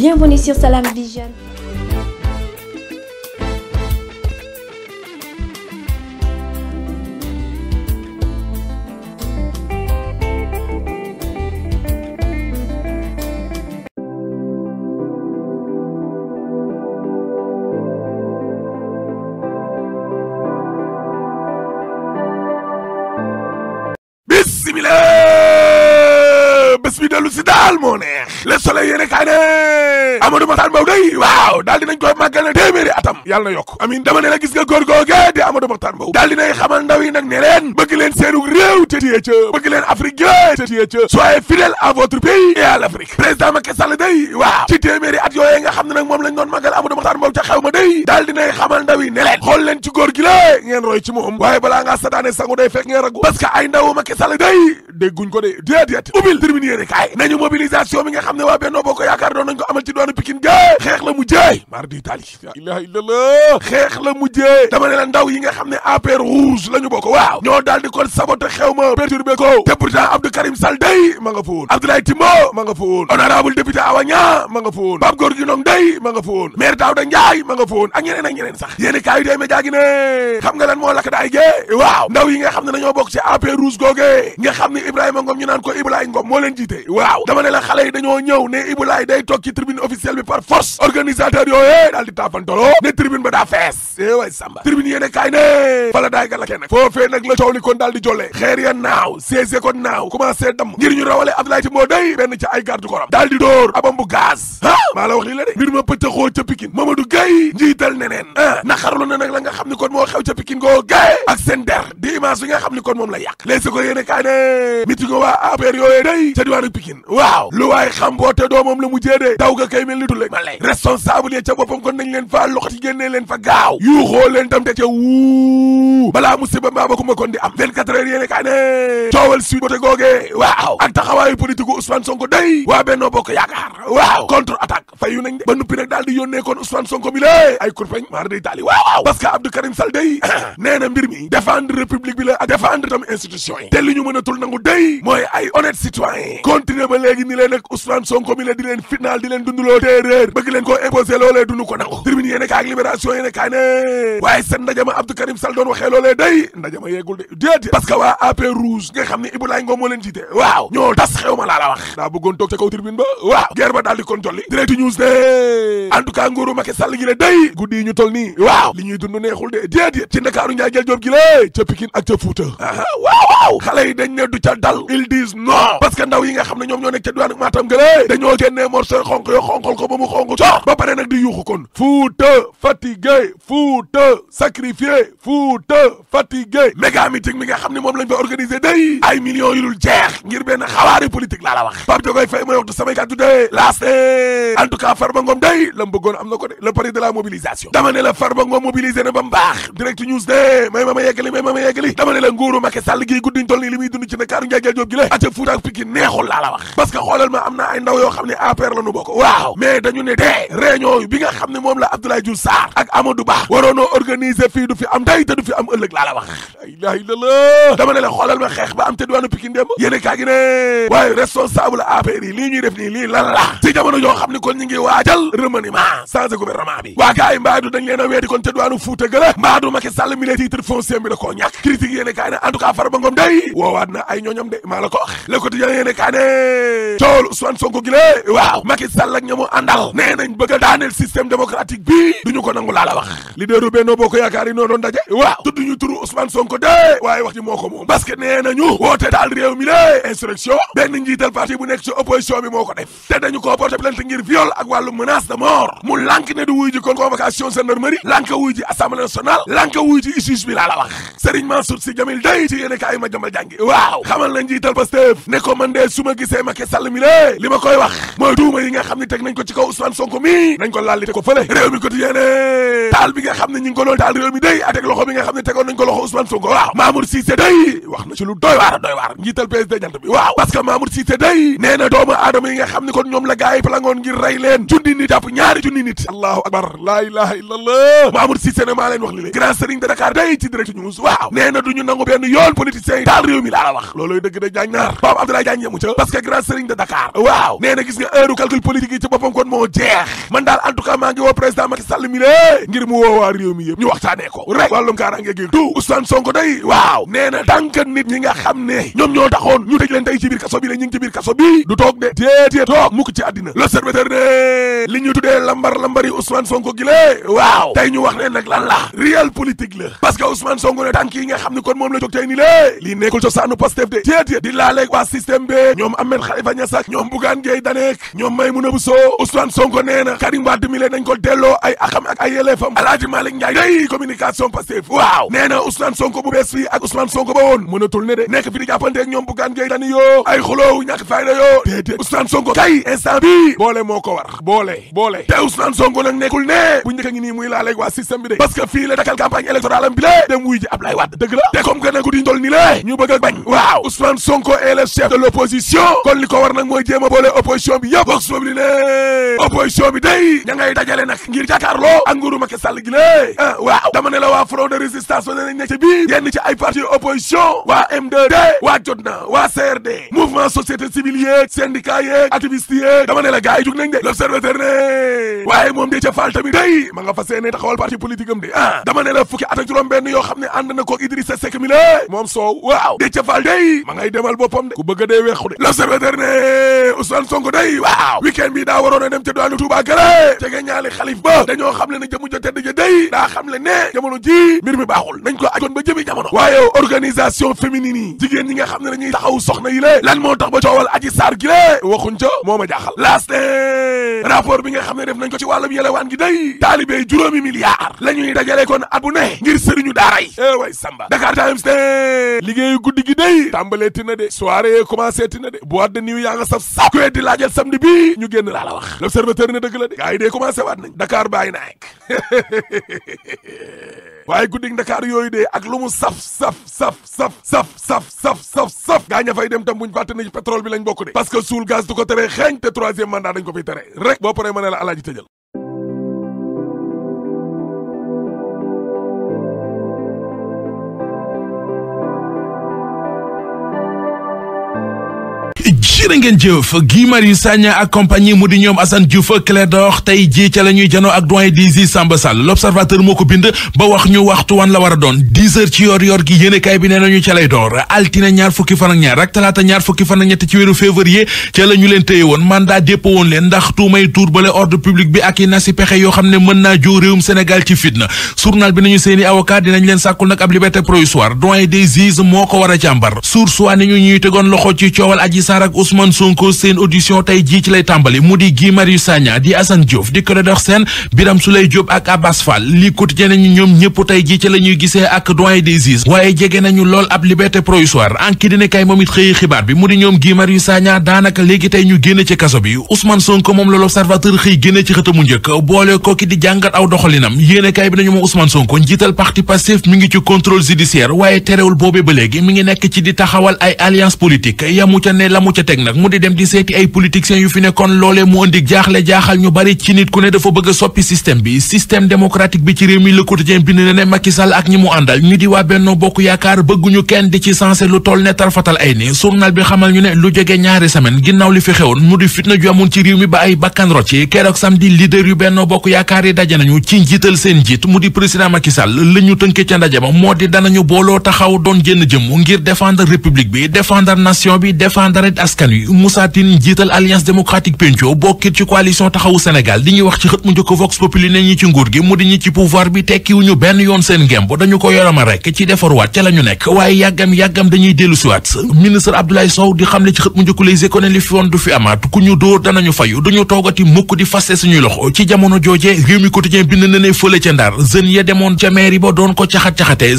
Bienvenue sur Salam Vision. bismillah moo neex le soleil yéene kaay ne Amadou Mahtar Mbow day waaw daal dinañ koy màggal na téeméeri atam yàlla na yokk amiin dama ne la gis nga góor googe di Amadou Mahtar Mbow daal dinay xamal ndaw yi nag ne leen bëgg leen seenu réew te tiye ca bëgg leen Afrique yé te tiye ca soyez votre pays et à l'Afrique président Macky day waaw ci téeméeri at yooyee nga xam ne nag moom lañ doon màggal Amadou Mahtar Mbow ca xew ma day daal dinay yi ne leen xool leen ci ci moom mobilisation bi nga xam ne waa la mujjee mardi itali la ilaha illallah xeex yi nga xam ne la ñu bokk waaw ñoo daal di kon saboté xew ma perturbé ko te pourtant Abdou Karim Sall day ma nga fa woon Abdoulaye Timbo ma nga fa woon honorable député Awa Niang ma sax yéeni kaay yi day ma jaagi ne moo lakk daay gee waaw ndaw yi nga xam ne dañoo bokk ci APR rouge googee nga xam ne Ibrahima Ngom ñu waaw dama na xale yi dañoo ñëw ne Ibulaay day toog ci tribune officielle bi par force organisateur yooyu daal di taafantaloo ne tribune ba daa fees é eh waay samba tribune yéene kaay ne fala daay ga nag foofee nag la coow li kon daal di jolle xeer ya naaw siège kon naaw commencé dam ngir ñu rawale Abdoulaye Timbo day benn ca ay garde koram daal di dóor abam bu gaz ah maa la wax lii la de mbir ma pëccaxoo ca Pikine Mamadou Gueye njiital neneen ah naqarlu na nag la nga xam ni kon moo xew ca Pikine goo gaye maa bi nga xam ni kon moom la yàq les si ko yéene kaa ne meeting waa APR yooyee day ca diwaanu Pikine waaw lu waay xam boote doomam la mu jéedee daw ga kay mel ni dule ma responsable ya ca boppam kon nañ leen faa loxati leen fa gaaw yuuxoo leen tam te ca wuu balaa musiba mbaa bakuma kon di am 24 heures yéene kaa coowal suite boote googee waaw ak taxawaayu politique u Ousmane Sonko day waa Benno Bokk Yaakaar waaw contre attaque fayu nañ de publique a la ak défendre tam yi te li ñu mën a tul nangu day mooy ay honnête citoyen continuer ba léegi ni leen ak Ousmane Sonko mi la di leen fitnaal di leen dunduloo téeréer bëgg leen koo imposer loolee nangu tribune yéene kaay ak libération yéene kaay ne ndajama Abdou Karim Sall doon day ndajama yeegul de déedéet parce que waa AP rouge nga xam ne Ibulaay Ngom moo waaw ñoo tas xew ma wax daa toog ca kaw tribune ak ca Fuuta waaw waaw xale yi dañ ne du ca dal ils disent non ah. parce que ndaw yi nga xam ne ñoom ñoo nekk ca diwaanu Matam gële dañoo génnee morceau xonk yoo xonkal ko ba mu xonk coox ah. ba pare nag di yuuxu kon Fuuta fatigué Fuuta sacrifié Fuuta fatigué méga meeting mi nga xam ne moom lañ fa organiser day ay millions yu dul jeex ngir benn xawaari politique laa la wax Pape Diogoy Faye mooy waxtu samay kàddu de laas en tout cas Farba Ngom day la mu bëggoon am na ko de le pari de la mobilisation dama ne la Farba Ngom mobilisé na ba mu baax direct news de may ma ma yeggali may ma ma yeggali bi dama ne la nguuru Macky Sall gii guddiñ tol nii li muy ci Ndakaaru njaajal joob gi aca Fuuta ak Pikine neexul laa la wax parce xoolal ma am na ay ndaw yoo xam ne APR la ñu bokk waaw mais dañu ne dee réunion bi nga xam ne moom la Abdoulaye Diouf Sarr ak Amadou Ba waroonoo organiser fii du fi am tey te du fi am ëllëg laa la wax la la dama ne la xoolal ma xeex ba am te diwaanu Pikine démb yéene kaa gi ne waaye responsable APR yi a critique yéene kaay ne en tout cas Farba Ngom day woowaat na ay ñooñam de maa la ko wax le quotidien yéene kaay ne cool Ousmane Sonko gi lée waaw Macky Sall ak ñamu àndal nee nañ bëgg a daaneel du ñu ko nangu laa la wax leaderu Benno Bokk Yaakaar noo doon daje waaw tudd ñu turu Ousmane Sonko dee waaye wax ji moom parce que nee woote daal réew mi lée insurrection benn njiital bu nekk ci opposition bi moo ko te dañu ko porté plainte ngir viol Source si Jamil day ci yéen kaay ma jambal jàngi waaw xamal na njiital Pastef ne ko man de su ma gisee Macky Sall mi li ma koy wax mooy tuuma yi nga xam ne teg nañ ko ci kaw Ousmane Sonko mi nañ ko laal li teg ko fële réew mi quotidien taal bi nga xam ne ñi ngi taal réew mi day a teg loxo bi nga xam ne tegoon nañ ko loxo Ousmane Sonko waaw Mamour Cissé day wax na ci doy waar a doy waar njiital PSD jant bi waaw parce que Mamour day ne ne duñu nangu benn yoon politiciens yi daal réew mi laa la wax loolooy dëgg de jaañ naar Pape Abdoulaye Diagne yemu ca parce que grand serigne de Dakar waaw nee gis nga heure calcul politique yi ci boppam kon moo jeex man daal en tout maa ngi woo président Macky Sall mi lée ngir mu woowaa réew mi yëpp ñu waxtaanee ko rek wàllum kaaraange gi du Ousmane Sonko day waaw nee na nit ñi nga xam ne ñoom ñoo taxoon ñu tëj leen tey ci kaso bi la ñu ngi xam ni kon moom la jóg tey ni lée nekkul cosaanu Pastef de déedéet di laaleeg waa système bi ñoom Ahmed Khalifa Niass ak ñoom Bougane Gueye Dany ak ñoom Maïmouna Bousso Ousmane Sonko nee Karim Wade mi leen nañ ko delloo ay axam ak ay yelleefam Alaaji Malick Ndiaye day communication Pastef waaw nee na Sonko bu bees ak Ousmane Sonko ba woon ne de nekk fi di jàppante ñoom Bougane Gueye Dany yoo ay xuloowu ñàkk fayda yoo déedéet Ousmane Sonko kay instant bi boole moo ko war boole boole te Ousmane Sonko nag nekkul ne bu njëkk a ngi nii muy laaleeg waa dëgg la te comme que nag guddi ndol ni la ñu bëgg a bañ waaw Ousmane Sonko est le chef de l'opposition kon li ko war nag mooy jéem a boole opposition bi yëpp vox populi ne opposition bi day ña ngay dajale nag ngir jàkkaarloo ak nguuru Macky Sall gi lée ah waaw dama ne la waa front de résistance ba ne nañ ne ci biir yenn ci ay parti opposition waa M2D waa Jotna waa CRD mouvement société civile yeeg syndicat yeeg activiste yeeg dama ne la gars yi jug nañ de l'observateur Idrissa Seck mi la moom soow waaw Déthié Fall day ma ngay demal boppam de ku bëgg a dee weexu L'Observateur ne Ousmane Sonko day waaw week bi daa waroon a dem ca doolu Touba gële jege ñaali xalif ba dañoo xam le ne jëmu jote dëjë day daa xam le ne ji mbir mi baaxul nañ ko ajoon ba jëmi jamono waaye organisation féminine yi jigéen ñi nga xam ne dañuy taxaw soxna yi lé lan moo tax ba coowal aji saar gi lé waxuñ ca moo ma jaaxal bi nga xam ne def ko ci wàllum yelewaan gi day taalibe la ñuy dajale kon at Dakar Times ne liggéeyu guddi gi dey tàmbalee tina de soirée yee commencé tina de boîte de nuit yaa nga saf saf kuwet di laajal samedi bii ñu génn laa la wax l'observateur ne dëgg la de gars yi dee commencé waat nañ Dakar bàyyi na ek waaye guddig Dakar yooyu de ak lu mu saf saf saf saf saf saf saf saf saf gaa ña fay dem tam buñ fàtte ni pétrole bi lañ bokk de parce que suul gaz du ko tere xeeñ te troisième jërë ngeen jëf Guy Marius Sagna ak compagnie mu di ñoom Assane Diouf Clé tey jii ca la janoo ak doyen des juges Samba Sall l'observateur moo ko bind ba wax ñu waxtu wan la war a doon 10 ci yoor yoor gi yéenekaay bi nee nañu ca lay door altine ñaar fukki fan ñaar ak talaata ñaar fukki fan ak ñett ci weeru février ca la leen téye woon mandat dépôt woon leen ndax tuumay tuur bale ordre public bi ak i nasi pexe yoo xam ne mën naa jóg Ousmane Sonko seen audition tey jii ci lay tàmbali mu di Guy Marius Sagna di Assane Diouf di Clédor Sène Birame jii ci la ñuy gisee ak doyen des juges waaye jege lool ab liberté provisoire bi mu di ñoom Guy Marius Sagna tey ñu génn ci kaso moom la l'Observateur xëy génne ci xëtamu njëkk boole kooki di jàngat aw doxalinam yéene kay bi nañu moom Ousmane Sonko njiital parti Pastef mi ngi ci contrôle judiciaire waaye terewul boobee ba léegi mi ngi nekk ci di taxawal ay alliance politique yamu ca ne la mu ca teg teg nag mu di dem di seeti ay politiciens yu fi nekkoon loolee mu indi jaaxle jaaxal ñu bari ci nit ku ne dafa bëgg a soppi système bi système démocratique bi ci réew mi Le Quotidien bi na ne Macky Sall ak ñi mu àndal ñu di waa Benno Bokk Yaakaar bëgguñu kenn di ci sensé lu toll ne tarfatal ay ni journal bi xamal ñu ne lu jóge ñaari semaine ginnaaw li fi xewoon mu di fitna ju amoon ci réew mi ba ay bakkan rot ci keroog samedi leader yu Benno Bokk Yaakaar yi daje nañu ci njiital seen njiit mu di président Macky Sall la ñu tënke ca ndaje ma bi défendre nation bi askan wi Moussa Tine jiital alliance démocratique penco bokkit ci coalition taxawu Sénégal di ñuy wax ci xët mu njëkk Vox Populi ñi ci nguur gi mu di ñi ci pouvoir bi tekkiwu ñu benn yoon seen ngemb dañu ko yorama rek ci defarwaat ca la nekk waaye yàggam-yàggam dañuy dellu siwaat ministre Abdoulaye Sow di xamle ci xët mu njëkk Les Échos fi woon du fi amaat ku ñu dóor danañu fayu duñu toogati mukk di faste suñuy loxo ci jamono jooje réew mi na ne fële ca Ndar ko caxat-caxate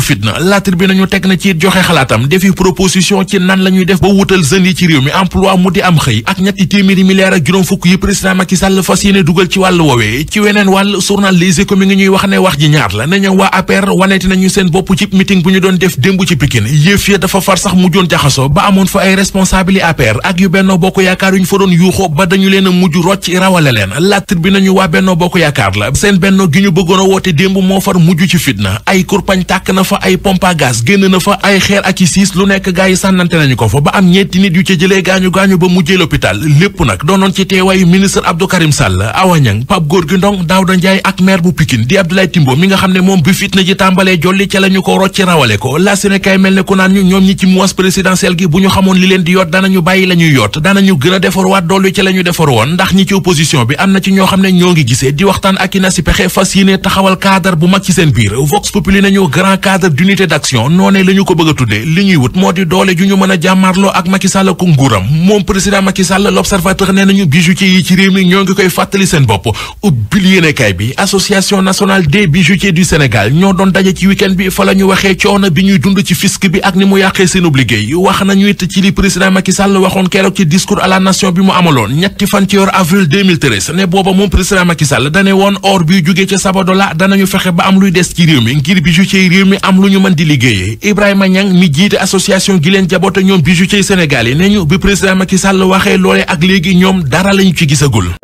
yokku fitna la tribune ñu teg na ci joxe xalaatam defi proposition ci nan la def ba wutal jeunes yi ci réew mi emploi mu di am xëy ak ñetti téeméeri milliards ak juróom fukk yi président Macky Sall fas yéene dugal ci wàllu woowee ci weneen wàll journal Les Échos mi ngi ñuy wax ne wax ji ñaar la nañu waa APR waneeti nañu seen bopp ci meeting bu ñu doon def démb ci Pikine yëf ya dafa far sax mujjoon jaxaso ba amoon fa ay responsable yi APR ak yu Benno Bokk Yaakaar yu ñu fa doon yuuxoo ba dañu leen a mujj rocc rawale leen la tribune nañu fa ay pompe à génn na fa ay xeer ak i siis lu nekk gaa yi sànnante nañu ko fa ba am ñetti nit yu ca jëlee gaañu gaañu ba mujjee l'hôpital lépp nag doonoon ci teewaayu ministre Abdou Karim Sall Awa Niang Pape Gorgui Ndong Daouda Ndiaye ak maire bu Pikine di Abdoulaye Timbo mi nga xam ne moom bi fitna ji tàmbalee jolli ca la ñu ko rocc rawale ko la Sénégal mel ne ku naan ñu ñoom ñi ci mois présidentiel gi bu ñu xamoon li leen di yoot danañu bàyyi la ñuy yoot danañu gën a defarwaat dolli la ñu defar woon ndax ñi ci bi am na ci ñoo xam ne ñoo ngi gisee di waxtaan ak na si pexe fas yéene taxawal cadre bu mag ci seen biir Vox Populi nañu grand cadre d'unité d'action noonee la ko bëgg a tuddee wut moo di doole ju ñu mën ak Macky ko nguuram moom président Macky l'observateur nee nañu bijoutier yi ci réew mi ñoo ngi koy fàttali seen bopp ubbil yéenekaay bi association nationale des bijoutiers du Sénégal ñoo doon daje ci week bi fa la waxee coono bi ñuy dund ci fisc bi ak ni mu yàqee seenub liggéey wax nañu it ci li président Macky waxoon keroog ci discours à la nation am lu ñu mën di liggéeyee Ibrahima Niang mi jiite association gi leen jaboote ñoom bijoutier senegal yi ne ñu bi président Macky Sall waxee loolee ak léegi ñoom dara lañu ci gisagul.